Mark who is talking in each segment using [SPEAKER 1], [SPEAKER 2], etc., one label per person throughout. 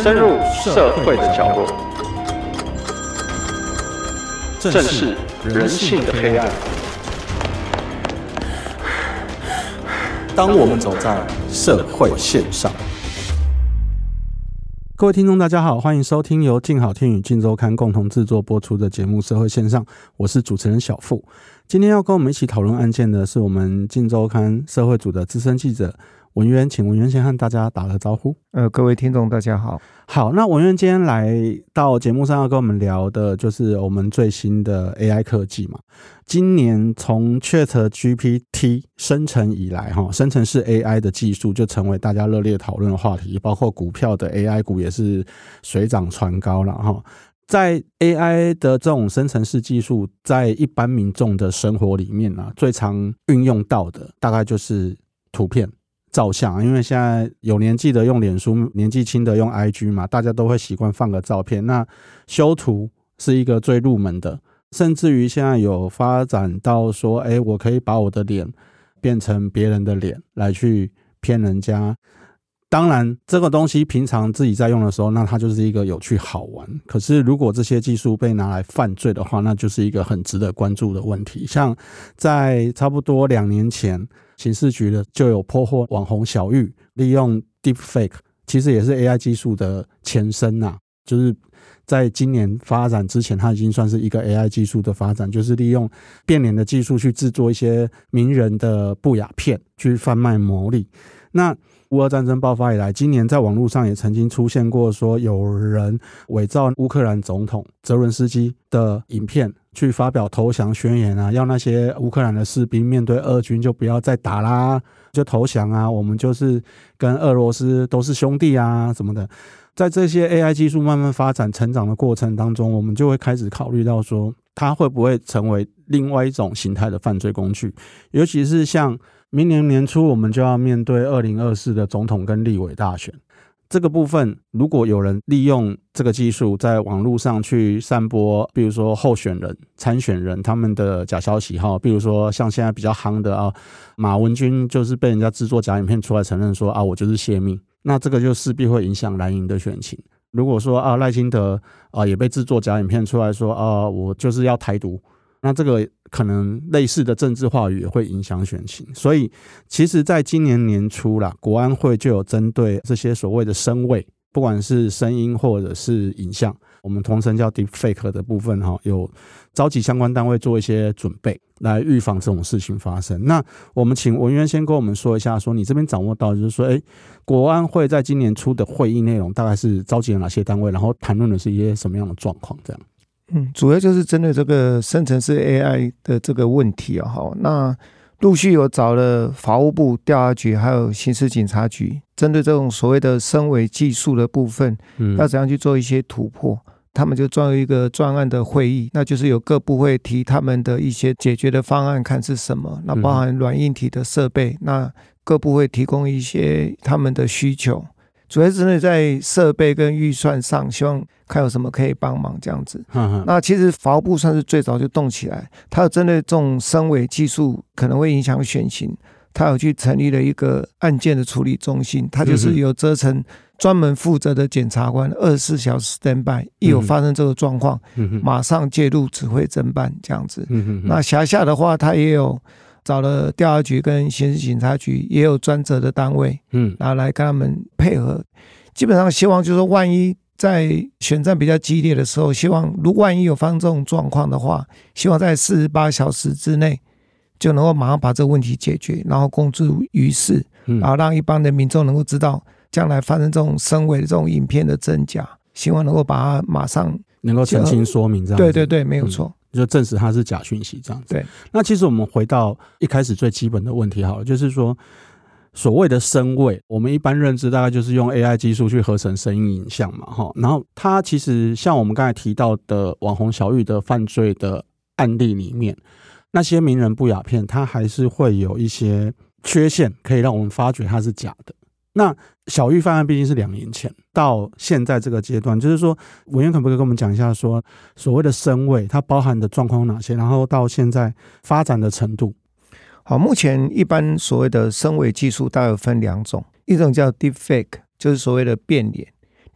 [SPEAKER 1] 深入社會的角落，正視人性的黑暗。當我們走在社會線上，各位聽眾大家好，歡迎收聽由鏡好聽與鏡週刊共同製作播出的節目《社會線上》，我是主持人小付。今天要跟我們一起討論案件的是我們鏡週刊社會組的資深記者。文淵，請文淵先和大家打個招呼。呃，各位聽眾，大家好。好，那文淵今天來到節目上，要跟我們聊的就是我們最新的 AI 科技嘛。今年從 ChatGPT 生成以來，哈，生成式 AI 的技術就成為大家熱烈討論的話題，包括股票的 AI 股也是水漲船高了哈。在 AI 的這種生成式技術，在一般民眾的生活裡面啊，最常運用到的大概就是圖片。照相，因為現在有年紀的用臉書，年紀輕的用 IG 嘛，大家都會習慣放個照片。那修圖是一個最入門的，甚至於現在有發展到說，哎、欸，我可以把我的臉變成別人的臉，來去騙人家。當然，這個東西平常自己在用的時候，那它就是一個有趣好玩。可是，如果這些技術被拿來犯罪的話，那就是一個很值得關注的問題。像在差不多兩年前，刑事局的就有破獲網紅小玉利用 Deepfake，其實也是 AI 技術的前身吶、啊。就是在今年發展之前，它已經算是一個 AI 技術的發展，就是利用變臉的技術去製作一些名人的不雅片，去販賣牟利。那。烏俄戰爭爆發以來，今年在網絡上也曾經出現過，說有人偽造烏克蘭總統澤倫斯基的影片去發表投降宣言啊，要那些烏克蘭的士兵面對俄軍就不要再打啦，就投降啊，我們就是跟俄羅斯都是兄弟啊什麼的。在這些 AI 技術慢慢發展成長的過程當中，我們就會開始考慮到說，它會不會成為另外一種形態的犯罪工具，尤其是像。明年年初，我們就要面對二零二四的總統跟立委大選。這個部分，如果有人利用這個技術在網絡上去散播，比如說候選人、參選人他們的假消息，哈，比如說像現在比較夯的啊，馬文君就是被人家制作假影片出來承認說啊，我就是洩密。那這個就勢必會影響藍營的選情。如果說啊，賴清德啊也被制作假影片出來說啊，我就是要台獨，那這個。可能類似的政治話語也會影響選情，所以其實，在今年年初啦，國安會就有針對這些所謂的深偽，不管是聲音或者是影像，我們通稱叫 deep fake 的部分哈，有召集相關單位做一些準備，來預防這種事情發生。那我們請文淵先跟我們說一下，說你這邊掌握到就是說，哎，國安會在今年初的會議內容大概是召集了哪些單位，然後談論的是一些什麼樣的狀況這樣。嗯，主要就是針對這個生成式 AI 的這個
[SPEAKER 2] 問題啊，哈，那陸續有找了法務部調查局，還有刑事警察局，針對這種所謂的深偽技術的部分，嗯，要怎樣去做一些突破？他們就裝一個專案的會議，那就是有各部會提他們的一些解決的方案，看是什麼，那包含軟硬體的設備，那各部會提供一些他們的需求。主要是呢，在設備跟預算上，希望看有什麼可以幫忙這樣子。嗯嗯那其實法務部算是最早就動起來，它有針對這種深偽技術可能會影響選情，它有去成立了一個案件的處理中心，它就是有責成專門負責的檢察官二十四小時 standby，一有發生這個狀況，嗯嗯嗯馬上介入指揮偵辦這樣子。嗯嗯嗯那轄下的話，它也有。找了調查局跟刑事警察局，也有專責的單位，嗯，然後來跟他們配合。基本上希望就是說，萬一在選戰比較激烈的時候，希望如果萬一有發生這種狀況的話，希望在四十八小時之內就能夠馬上把這個問題解決，然後公諸於世，然後讓一般的民眾能夠知道將來發生這種深偽的這種影片的真假，希望能夠把它馬上對對對，
[SPEAKER 1] 能夠澄清說明，這樣對對對，沒有錯。就證實它是假訊息這樣子。對，那其實我們回到一開始最基本的問題好了，就是說所謂的深偽，我們一般認知大概就是用 AI 技術去合成聲音影像嘛，哈。然後它其實像我們剛才提到的網紅小玉的犯罪的案例裡面，那些名人不雅片，它還是會有一些缺陷，可以讓我們發覺它是假的。那小玉犯案畢竟是兩年前，到現在這個階段，就是說，文淵可不可以跟我們講一下說，說所謂的深偽它包含的狀況有哪些？然後到現在發展的程度。好，目前一般所謂的深偽技術大概有分兩種，
[SPEAKER 2] 一種叫 deep fake，就是所謂的變臉，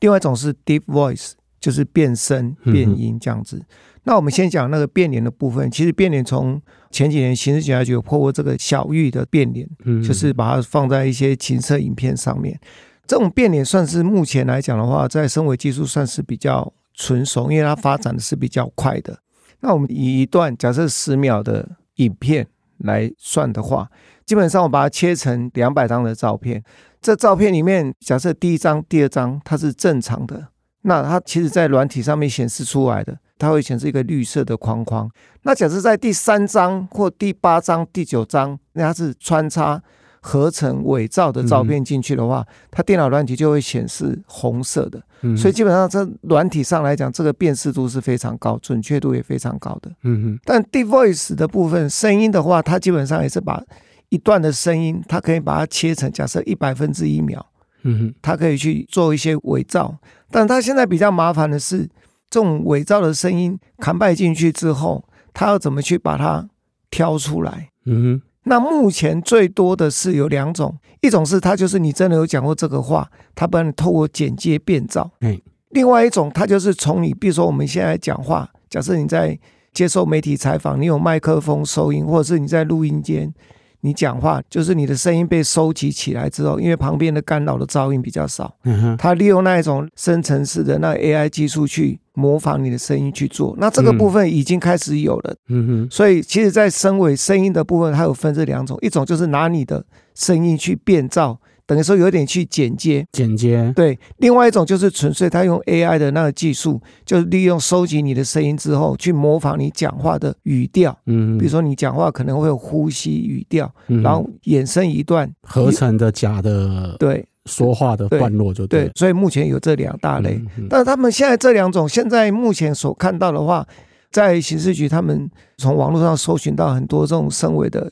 [SPEAKER 2] 另外一種是 deep voice，就是變聲、變音這樣子。嗯、哼那我們先講那個變臉的部分，其實變臉從前幾年，刑事警察局有破過這個小玉的變臉，就是把它放在一些情色影片上面。這種變臉算是目前來講的話，在深偽技術算是比較純熟，因為它發展的是比較快的。那我們以一段假設十秒的影片來算的話，基本上我把它切成兩百張的照片。這照片裡面，假設第一張、第二張它是正常的，那它其實在軟體上面顯示出來的。它會顯示一個綠色的框框。那假設在第三張或第八張、第九張，那它是穿插合成偽造的照片進去的話，嗯嗯它電腦軟體就會顯示紅色的。嗯嗯，所以基本上在軟體上來講，這個辨識度是非常高，準確度也非常高的。嗯哼、嗯。但 Deep Voice 的部分聲音的話，它基本上也是把一段的聲音，它可以把它切成假設一百分之一秒。嗯哼，它可以去做一些偽造，但它現在比較麻煩的是。這種偽造的聲音摻拌進去之後，他要怎麼去把它挑出來？
[SPEAKER 1] 嗯
[SPEAKER 2] 哼，那目前最多的是有兩種，一種是他就是你真的有講過這個話，他幫你透過剪接變造；，嗯、另外一種，他就是從你，比如說我們現在講話，假設你在接受媒體採訪，你有麥克風收音，或者是你在錄音間。你講話就是你的聲音被收集起來之後，因為旁邊的干擾的噪音比較少，他、嗯哼，它利用那一種深層次的那 AI 技術去模仿你的聲音去做，那這個部分已經開始有了，嗯哼，所以其實，在聲尾聲音的部分，它有分這兩種，一種就是拿你的聲音去變造。等於說有點去剪接，剪接，對。另外一種就是純粹他用 AI 的那個技術，就是利用收集你的聲音之後，去模仿你講話的語調。嗯，比如說你講話可能會有呼吸語調，嗯、然後衍生一段合成的假的對
[SPEAKER 1] 說話的段落，就對，對，對，
[SPEAKER 2] 對。所以目前有這兩大類，嗯嗯、但是他們現在這兩種，現在目前所看到的話，在刑事局他們從網絡上搜尋到很多這種深偽的。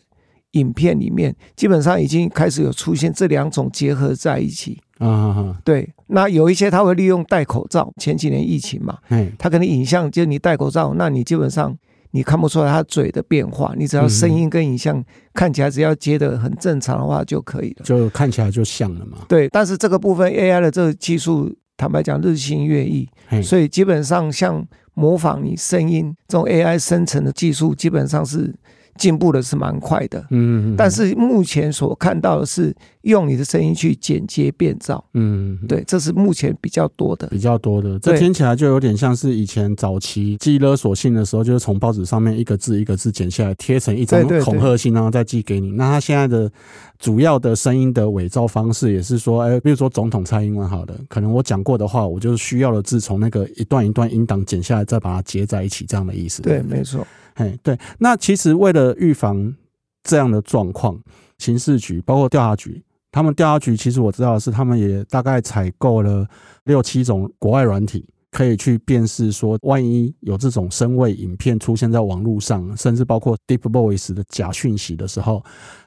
[SPEAKER 2] 影片裡面基本上已經開始有出現這兩種結合在一起。
[SPEAKER 1] 啊哈哈，
[SPEAKER 2] 對，那有一些他會利用戴口罩，前幾年疫情嘛，嗯嘿，他可能影像就你戴口罩，那你基本上你看不出來他嘴的變化，你只要聲音跟影像看起來只要接得很正常的話就可以了，
[SPEAKER 1] 就看起來就像
[SPEAKER 2] 了嘛。對，但是這個部分 AI 的這個技術，坦白講日新月異，嘿所以基本上像模仿你聲音這種 AI 生成的技術，基本上是。進步的是蠻快的，嗯哼，但是目前所看到的是用你的聲音去剪接變造，嗯哼，對，這是目前
[SPEAKER 1] 比較多的，比較多的。對這聽起來就有點像是以前早期寄勒索信的時候，就是從報紙上面一個字一個字剪下來貼成一張恐嚇信，然後再寄給你。對對對那他現在的主要的聲音的偽造方式，也是說，哎、欸，比如說總統蔡英文，好了，可能我講過的話，我就是需要的字從那個一段一段音檔剪下來，再把它結在一起這樣的意思。對，對沒錯。嘿，對，那其實為了預防這樣的狀況，刑事局，包括調查局，他們調查局其實我知道的是他們也大概採購了六七種國外軟體，可以去辨識說，萬一有這種深偽影片，出現在網絡上，甚至包括 Deep Voice 的假訊息的時候，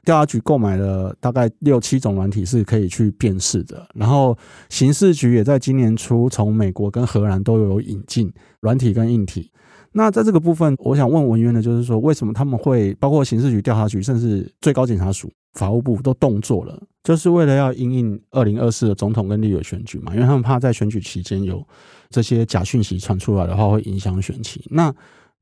[SPEAKER 1] 調查局購買了大概六七種軟體是可以去辨識的。然後刑事局也在今年初從美國跟荷蘭都有引進軟體跟硬體。那在這個部分，我想問文淵呢，就是說，為什麼他們會包括刑事局、調查局，甚至最高檢察署、法務部都動作了，就是為了要因應二零二四的總統跟立委選舉嘛？因為他們怕在選舉期間有這些假訊息傳出來的話，會影響選情。那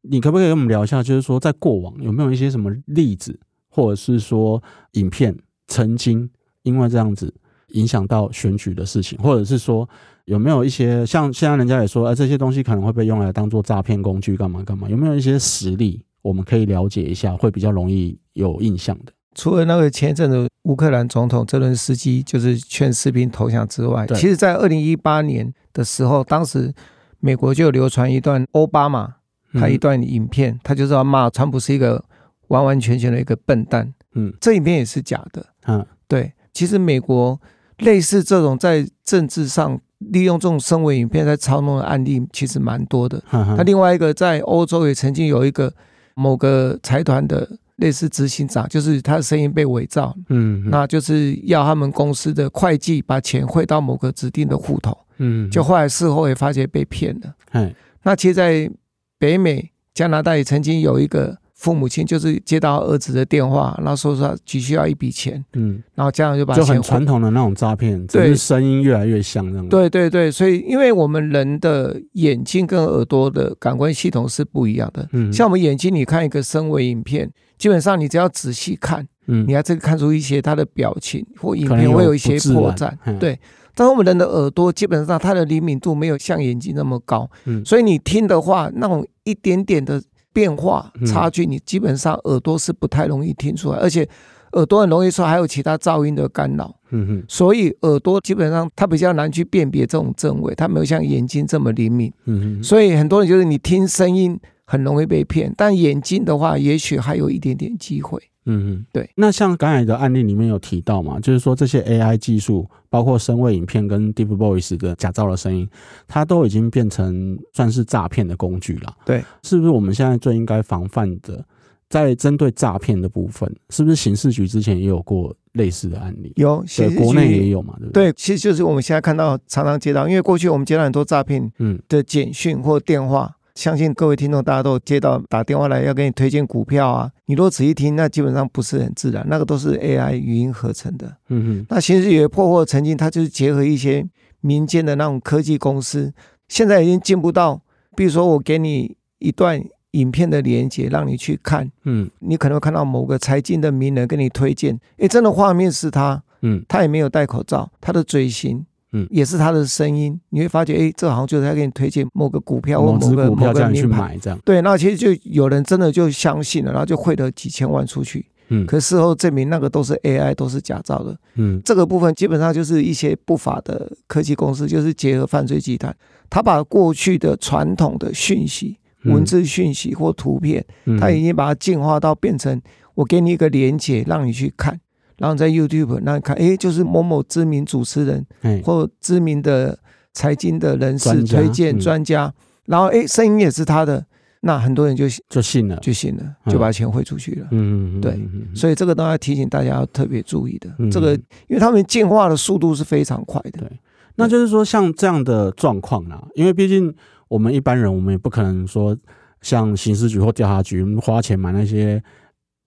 [SPEAKER 1] 你可不可以跟我們聊一下，就是說，在過往有沒有一些什麼例子，或者是說影片曾經因為這樣子影響到選舉的事情，或者是說？有沒有一些像現在人家也說，啊，這些東西可能會被用來當做詐騙工具，幹嘛幹嘛？有沒有一些實例我們可以了解一下，會比較容易有印象的？
[SPEAKER 2] 除了那個前一陣子的烏克蘭總統澤倫斯基就是勸士兵投降之外，其實在二零一八年的時候，當時美國就流傳一段奧巴馬他一段影片，他就是要罵川普是一個完完全全的一個笨蛋。嗯，這影片也是假的。啊，對，其實美國類似這種在政治上。利用這種深偽影片在操弄的案例其實蠻多的。那另外一個在歐洲也曾經有一個某個財團的類似執行長，就是他的聲音被偽造，嗯哼，那就是要他們公司的會計把錢匯到某個指定的戶頭，嗯哼，就後來事後也發覺被騙了。嘿那其實，在北美加拿大也曾經有一個。父母親就是接到兒子的電話，然後說他急需要一筆錢，嗯，然後家長就把他就很傳統的
[SPEAKER 1] 那種詐騙，對聲音越來越像這樣，
[SPEAKER 2] 對對對，所以因為我們人的眼睛跟耳朵的感官系統是不一樣的，嗯，像我們眼睛你看一個深偽影片，基本上你只要仔細看，嗯，你還是看出一些他的表情或影片會有一些破綻，對。嗯、但是我們人的耳朵基本上它的靈敏度沒有像眼睛那麼高，嗯，所以你聽的話，那種一點點的。變化差距，你基本上耳朵是不太容易聽出來，而且耳朵很容易受還有其他噪音的干擾，嗯哼，所以耳朵基本上它比較難去辨別這種真偽，它沒有像眼睛這麼靈敏，嗯哼，所以很多人就是你聽聲音很容易被騙，但眼睛的話也許還有一點點
[SPEAKER 1] 機會。嗯嗯，對。那像剛才的案例裡面有提到嘛，就是說，這些 AI 技術，包括深偽影片跟 Deep Voice 的假造的聲音，它都已經變成算是詐騙的工具了。對，是不是我們現在最應該防範的，在針對詐騙的部分，是不是刑事局之前也有過類似的案例？有，對，國內也有嘛，對不
[SPEAKER 2] 對？對，其實就是我們現在看到常常接到，因為過去我們接到很多詐騙的簡訊或電話。嗯相信各位聽眾，大家都接到打電話來要給你推薦股票啊，你若仔細聽，那基本上不是很自然，那個都是 AI 語音合成的。嗯嗯哼。那其實也破獲曾經，它就是結合一些民間的那種科技公司，現在已經進步到。比如說，我給你一段影片的連接，讓你去看，嗯，你可能會看到某個財經的名人給你推薦，哎，真的畫面是他，嗯，他也沒有戴口罩，嗯、他的嘴型。嗯，也是他的聲音，你會發覺，誒，這好像就是他給你推薦某個股票或某個某支股票這樣去買這樣對。那其實就有人真的就相信了，然後就匯了幾千萬出去。嗯，可是事後證明那個都是 AI，都是假造的。嗯，這個部分基本上就是一些不法的科技公司，就是結合犯罪集團，他把過去的傳統的訊息、文字訊息或圖片，他已經把它進化到變成我給你一個連結，讓你去看。然後在 YouTube 那看，哎，就是某某知名主持人或知名的財經的人士推薦專家，然後哎，聲音也是他的，那很多人就就信了，就信了，就把錢匯出去了。嗯，對，
[SPEAKER 1] 所以這個都要提醒大家要特別注意的。這個，因為他們進化的速度是非常快的。對，那就是說像這樣的狀況呢，因為畢竟我們一般人，我們也不可能說像刑事局或調查局花錢買那些。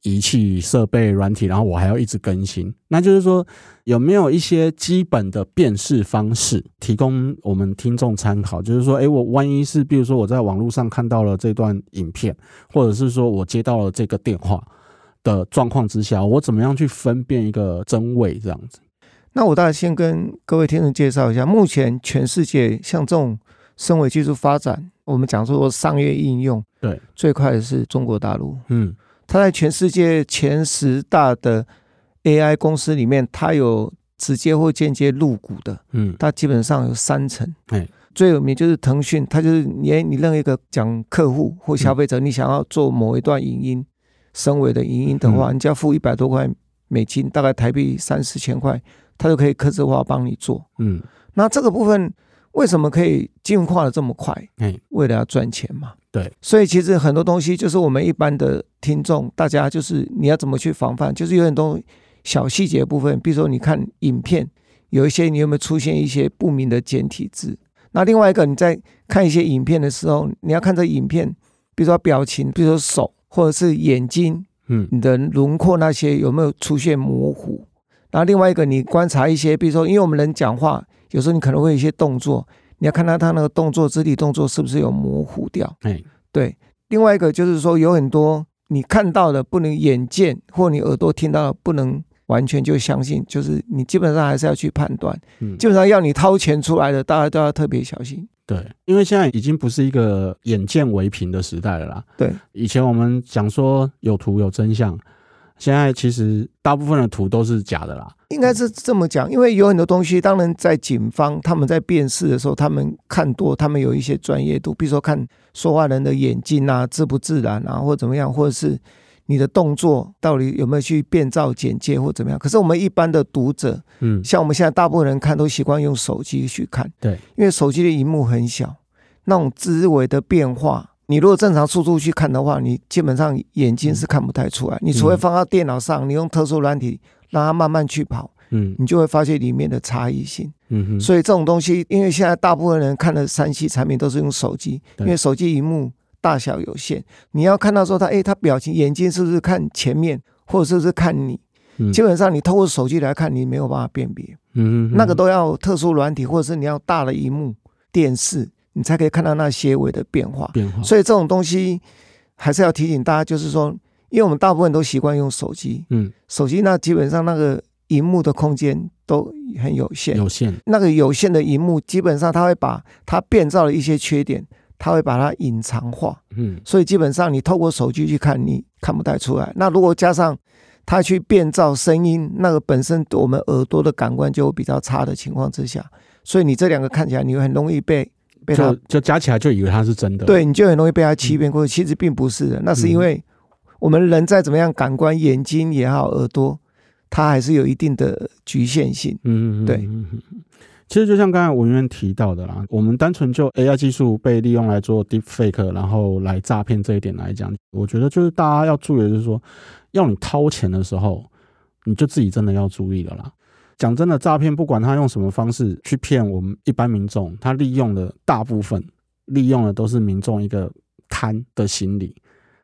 [SPEAKER 1] 儀器設備、軟體，然後我還要一直更新。那就是說，有沒有一些基本的辨識方式，提供我們聽眾參考？就是說，誒、欸，我萬一是，比如說我在網絡上看到了這段影片，或者是說我接到了這個電話的狀況之下，我怎麼樣去分辨一個真偽？這樣子。那我大概先
[SPEAKER 2] 跟各位聽眾介紹一下，目前全世界像這種深偽技術發展，我們講說商業應用，對，最快的是中國大陸。嗯。他在全世界前十大的 AI 公司裡面，他有直接或間接入股的，嗯，他基本上有三層。對、嗯，嗯、最有名就是騰訊，他就是連你，你任何一個講客戶或消費者，嗯、你想要做某一段影音深偽的影音的話，人家、嗯、付一百多塊美金，大概台幣三四千塊，他就可以客製化幫你做。嗯，那這個部分。為什麼可以進化的這麼快？嗯，為了要賺錢嘛。嗯、對，所以其實很多東西就是我們一般的聽眾，大家就是你要怎麼去防範，就是有很多小細節部分。比如說，你看影片，有一些你有沒有出現一些不明的簡體字？那另外一個你在看一些影片的時候，你要看這影片，比如說表情，比如說手或者是眼睛，嗯，你的輪廓那些有沒有出現模糊？然後另外一個你觀察一些，比如說因為我們人講話。有時候你可能會有一些動作，你要看到他那個動作、肢體動作是不是有模糊掉？哎，欸、對。另外一個就是說，有很多你看到的不能眼見，或你耳朵聽到的不能完全就相信，就是你基本上還是要去判斷。嗯、基本上要你掏錢出來的，大家都要特別小心。
[SPEAKER 1] 對，因為現在已經不是一個眼見為憑的時代了啦。對，以前我們講說有圖有真相。現在其實大部分的圖都是假的啦，
[SPEAKER 2] 應該是這麼講，因為有很多東西，當然在警方他們在辨識的時候，他們看多，他們有一些專業度，比如說看說話人的眼睛啊，自不自然啊，或怎麼樣，或者是你的動作到底有沒有去變造剪接或怎麼樣。可是我們一般的讀者，嗯，像我們現在大部分人看都習慣用手機去看，對，因為手機的螢幕很小，那種字尾的變化。你如果正常速度去看的話，你基本上眼睛是看不太出來。嗯、你除非放到電腦上，你用特殊軟體讓它慢慢去跑，嗯，你就會發現裡面的差異性。嗯哼。所以這種東西，因為現在大部分人看的三 C 產品都是用手機，對因為手機熒幕大小有限，你要看到說他，哎，他表情眼睛是不是看前面，或者是不是看你，
[SPEAKER 1] 嗯、基
[SPEAKER 2] 本上你透過手機來看，你沒有辦法辨別。嗯哼、哼。那個都要特殊軟體，或者是你要大的熒幕電視。你才可以看到那些微的變化。變化，所以這種東西還是要提醒大家，就是說，因為我們大部分都習慣用手機，嗯，手機那基本上那個熒幕的空間都很有限，有限。那個有限的熒幕，基本上它會把它變造的一些缺點，它會把它隱藏化，嗯。所以基本上你透過手機去看，你看不太出來。那如果加上它去變造聲音，那個本身我們耳朵的感官就比較差的情況之下，所以你這兩個看起來，你會很容易被。就
[SPEAKER 1] 就加起來就以為它是真的，對，
[SPEAKER 2] 你就很容易被它欺騙過、嗯、其實並不是的，那是因為我們人再怎麼樣，感官、眼睛也好，耳朵，它還是有一定的局限性。嗯嗯嗯，對、嗯嗯
[SPEAKER 1] 嗯。其實就像剛才文淵提到的啦，我們單純就 AI 技術被利用來做 Deepfake，然後來詐騙這一點來講，我覺得就是大家要注意的就是說，要你掏錢的時候，你就自己真的要注意了啦。講真的，詐騙不管他用什麼方式去騙我們一般民眾，他利用的大部分利用的都是民眾一個貪的心理。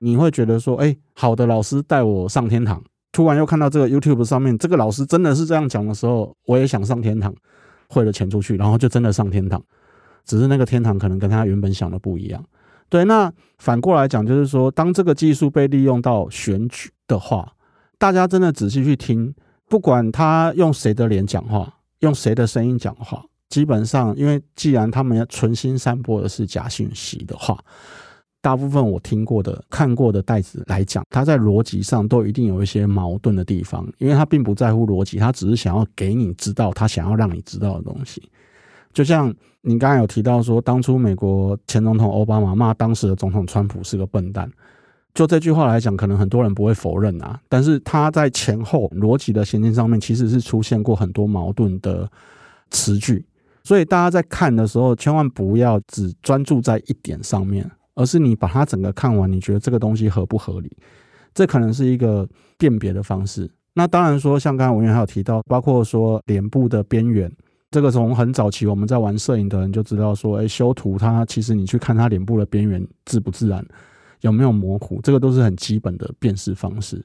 [SPEAKER 1] 你會覺得說，哎，好的老師帶我上天堂，突然又看到這個 YouTube 上面這個老師真的是這樣講的時候，我也想上天堂，匯了錢出去，然後就真的上天堂。只是那個天堂可能跟他原本想的不一樣。對，那反過來講，就是說，當這個技術被利用到選舉的話，大家真的仔細去聽。不管他用誰的臉講話，用誰的聲音講話，基本上，因為既然他們要存心散播的是假訊息的話，大部分我聽過的、看過的帶子來講，他在邏輯上都一定有一些矛盾的地方，因為他並不在乎邏輯，他只是想要給你知道他想要讓你知道的東西。就像你剛剛有提到說，當初美國前總統歐巴馬罵當時的總統川普是個笨蛋。就這句話來講，可能很多人不會否認啊。但是它在前後邏輯的銜接上面，其實是出現過很多矛盾的詞句。所以大家在看的時候，千萬不要只專注在一點上面，而是你把它整個看完，你覺得這個東西合不合理？這可能是一個辨別的方式。那當然說，像剛才文元還有提到，包括說臉部的邊緣，這個從很早期我們在玩攝影的人就知道說，哎、欸，修圖它其實你去看它臉部的邊緣自不自然。有沒有模糊？這個都是很基本的辨識方式。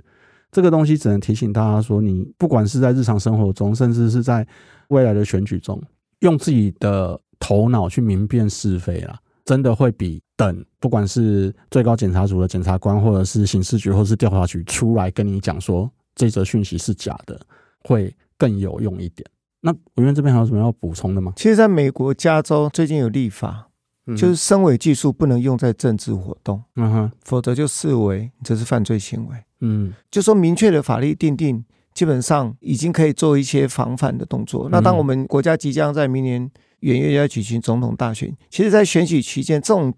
[SPEAKER 1] 這個東西只能提醒大家說，你不管是在日常生活中，甚至是在未來的選舉中，用自己的頭腦去明辨是非啦，真的會比等不管是最高檢察署的檢察官，或者是刑事局，或是調查局出來跟你講說這則訊息是假的，會更有用一點。那吳淵這邊還有什麼要補充的嗎？其實，在美國加州最近有立法。就是深偽技術不能
[SPEAKER 2] 用在政治活動，嗯、哼否則就視為這是犯罪行為。嗯，就說明確的法律訂定，基本上已經可以做一些防範的動作。嗯、那當我們國家即將在明年元月要舉行總統大選，其實在選舉期間這種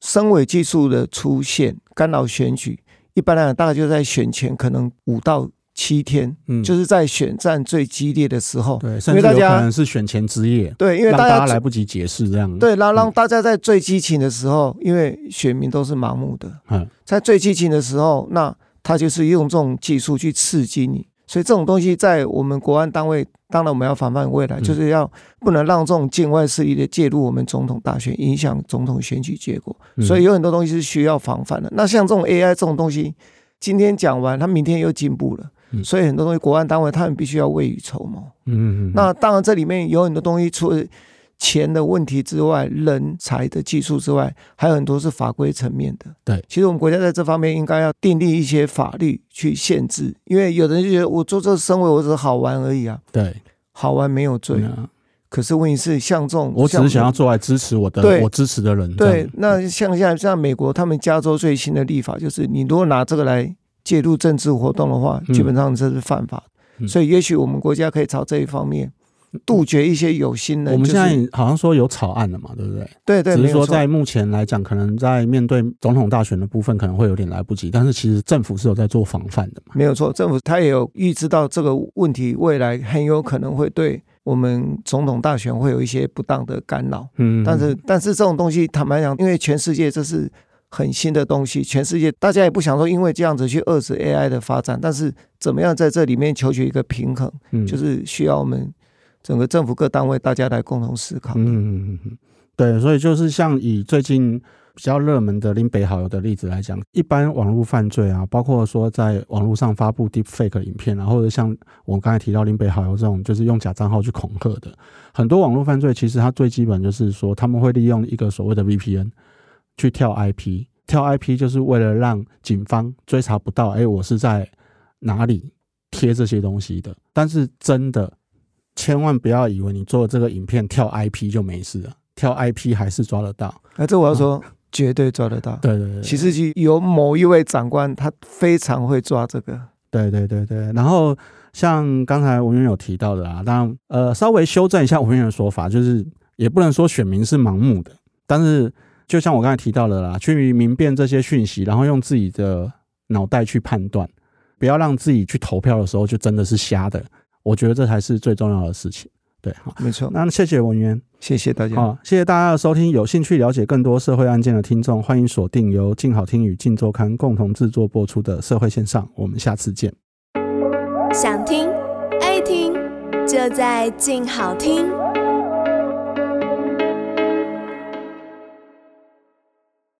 [SPEAKER 2] 深偽技術的出現干擾選舉，一般來講大概就在選前可能五到。七天，嗯，就是在選戰最激烈的時候，對，甚至有可能是
[SPEAKER 1] 選前之夜，對，因為大家來不及解釋，這樣，對，
[SPEAKER 2] 讓讓大家在最激情的時候，因為選民都是盲目的，嗯，在最激情的時候，那他就是用這種技術去刺激你，所以這種東西在我們國安單位，當然我們要防範未來，就是要不能讓這種境外勢力的介入我們總統大選，影響總統選舉結果，所以有很多東西是需要防範的。那像這種 AI 這種東西，今天講完，他明天又進步了。所以很多東西，國安單位他們必須要未雨綢繆。嗯嗯,嗯。那當然，這裡面有很多東西，除了錢的問題之外，人才的技術之外，還有很多是法規層面的。對，其實我們國家在這方面應該要訂立一些法律去限制，因為有的人就覺得我做這個行為我只是好玩而已啊。對，好玩沒有罪。那 可是問題是，像這種，我只是想要做來支
[SPEAKER 1] 持我的，對 我支持的人對。
[SPEAKER 2] 那像現在像美國，他們加州最新的立法就是，你如果拿這個來。介入政治活動的話，基本上這是犯法。嗯、所以，也許我們國家可以朝這一方面、嗯、杜絕一些有心人、就是。我們現在
[SPEAKER 1] 好像說有草案了嘛，對不對？對對對，只是說，在目前來講，可能在面對總統大選的部分，可能會有點來不及。但是，其實政府是有在做防範的
[SPEAKER 2] 嘛。沒有錯，政府他也有預知到這個問題，未來很有可能會對我們總統大選會有一些不當的干擾。嗯哼，但是，但是這種東西，坦白講，因為全世界這是。很新的東西，全世界大家也不想說，因為這樣子去遏制 AI 的發展，但是怎麼樣在這裡面求取一個平衡，就是需要我們整個政府各單位大家來共同思考。
[SPEAKER 1] 嗯嗯嗯嗯，對，所以就是像以最近比較熱門的林北好友的例子來講，一般網絡犯罪啊，包括說在網絡上發布 Deepfake 影片啊，或者像我剛才提到林北好友這種，就是用假賬號去恐嚇的，很多網絡犯罪其實它最基本就是說他們會利用一個所謂的 VPN。去跳 IP，跳 IP 就是為了讓警方追查不到，哎、欸，我是在哪裡貼這些東西的？但是真的，千萬不要以為你做了這個影片跳 IP 就沒事了，跳 IP 還是抓得到。哎、啊，這我要說，嗯、絕對抓得到。對，對對對，其
[SPEAKER 2] 實有某一位長官，他非常會抓這個。
[SPEAKER 1] 對對對對，然後像剛才文員有提到的啊，當然，呃，稍微修正一下文員的說法，就是也不能說選民是盲目的，但是。就像我剛才提到的啦，去明辨這些訊息，然後用自己的腦袋去判斷，不要讓自己去投票的時候就真的是瞎的。我覺得這才是最重要的事情。對，好，沒錯。那謝謝文淵，謝謝大家。好、哦，謝謝大家的收聽。有興趣了解更多社會案件的聽眾，歡迎鎖定由靜好聽與靜週刊共同製作播出的社會線上。我們下次見。想聽愛聽，就在靜好聽。